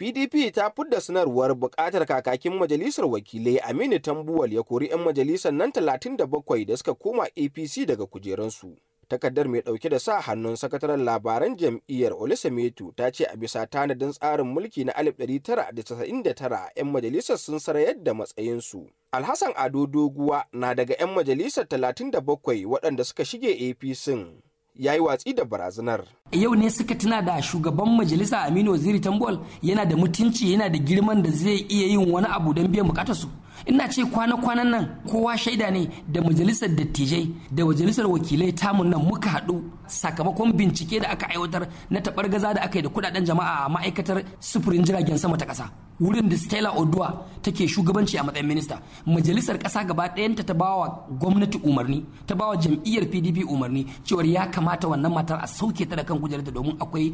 PDP ta fidda sanarwar bukatar kakakin majalisar wakilai Aminu Tambuwal ya kori 'yan majalisar nan 37 da suka koma APC daga kujeransu. Takardar mai ɗauke da sa hannun sakataren labaran jam'iyyar Olusemetu ta ce a bisa tanadin tsarin mulki na 1999 'yan majalisar sun sarayar da matsayinsu. Alhassan Ado Doguwa na daga 'yan majalisar 37 waɗanda suka shige APC. ya yi watsi da barazanar. Yau ne suka tuna da shugaban majalisa Aminu Waziri Tambol yana da mutunci yana da girman da zai iya yin wani abu don biyan bukatar su. Ina ce kwana-kwanan nan kowa shaida ne da majalisar dattijai da majalisar wakilai tamun nan muka haɗu sakamakon bincike da aka aiwatar na taɓar gaza da aka yi da kudaden jama'a a ma'aikatar sufurin jiragen sama ta ƙasa. wurin da Stella Odua take shugabanci a matsayin minista majalisar kasa gaba ɗayanta ta bawa gwamnati umarni ta ba wa jam'iyyar PDP umarni cewar ya kamata wannan matar a sauke ta da kan kujerarta domin akwai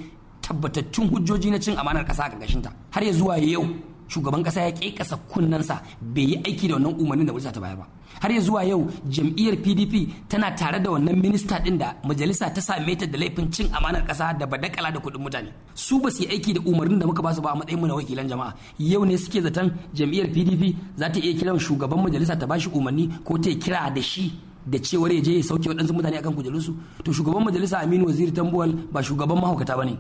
tabbatattun hujjoji na cin amanar kasa a ta har ya zuwa yau shugaban kasa ya kasa kunnansa bai yi aiki da wannan umarnin da majalisa ta bayar ba har ya zuwa yau jam'iyyar pdp tana tare da wannan minista din da majalisa ta same ta da laifin cin amanar kasa da badakala da kuɗin mutane su ba su yi aiki da umarnin da muka ba su ba a matsayin mu na wakilan jama'a yau ne suke zaton jam'iyyar pdp za ta iya kiran shugaban majalisa ta bashi umarni ko ta kira da shi da cewar ya je ya sauke waɗansu mutane akan kujerunsu to shugaban majalisa aminu waziri tambuwal ba shugaban mahaukata ba ne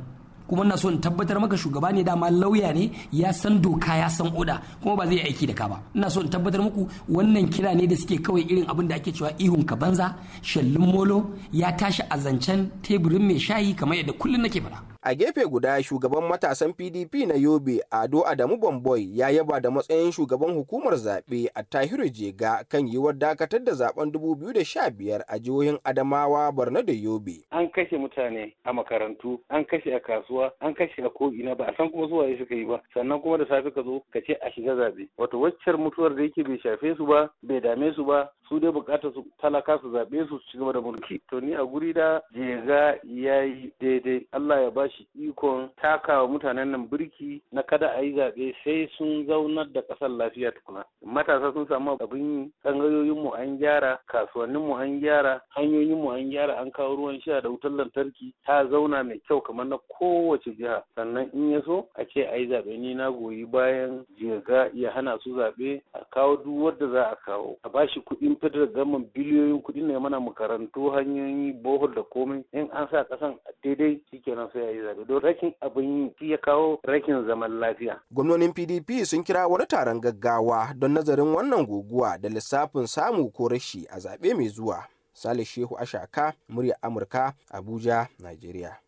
kuma na so in tabbatar maka shugaba ne dama lauya ne ya san doka ya san oda kuma ba zai aiki da ka ba ina so in tabbatar muku wannan kira ne da suke kawai irin abin da ake cewa ihun ka banza shallin molo ya tashi a zancen teburin mai shayi kamar yadda kullum nake faɗa a gefe guda shugaban matasan pdp na yobe ado adamu bamboy ya yaba da matsayin shugaban hukumar zaɓe a tahiru jega kan yiwuwar dakatar da zaben 2015 a jihohin adamawa borno da yobe an kashe mutane a makarantu an kashe a kasuwa an kashe a ko'ina ba a san kuma zuwa suka yi ba sannan kuma da safe ka zo ka ce a shiga zaɓe wato waccar mutuwar da yake bai shafe su ba bai dame su ba su dai bukatar su talaka su zaɓe su ci gaba da mulki to ni a guri da jega ya yi daidai Allah ya bashi ikon takawa mutanen nan birki na kada a yi zaɓe sai sun zaunar da ƙasar lafiya tukuna matasa sun samu abin yi mu an gyara kasuwannin mu an gyara hanyoyin mu an gyara an kawo ruwan sha da wutar lantarki ta zauna mai kyau kamar na kowace jiha sannan in ya so a ce a yi zaɓe ni na goyi bayan jega ya hana su zaɓe a kawo duk wadda za a kawo a bashi kuɗin fitar da government biliyoyin kuɗi ne mana makarantu hanyoyi bohol da komai in an sa kasan daidai shikenan sai a yi zabe don rakin abin yi ya kawo rakin zaman lafiya gwamnonin pdp sun kira wani taron gaggawa don nazarin wannan guguwa da lissafin samu ko rashi a zaɓe mai zuwa Salih Shehu Ashaka, murya Amurka, Abuja, Najeriya.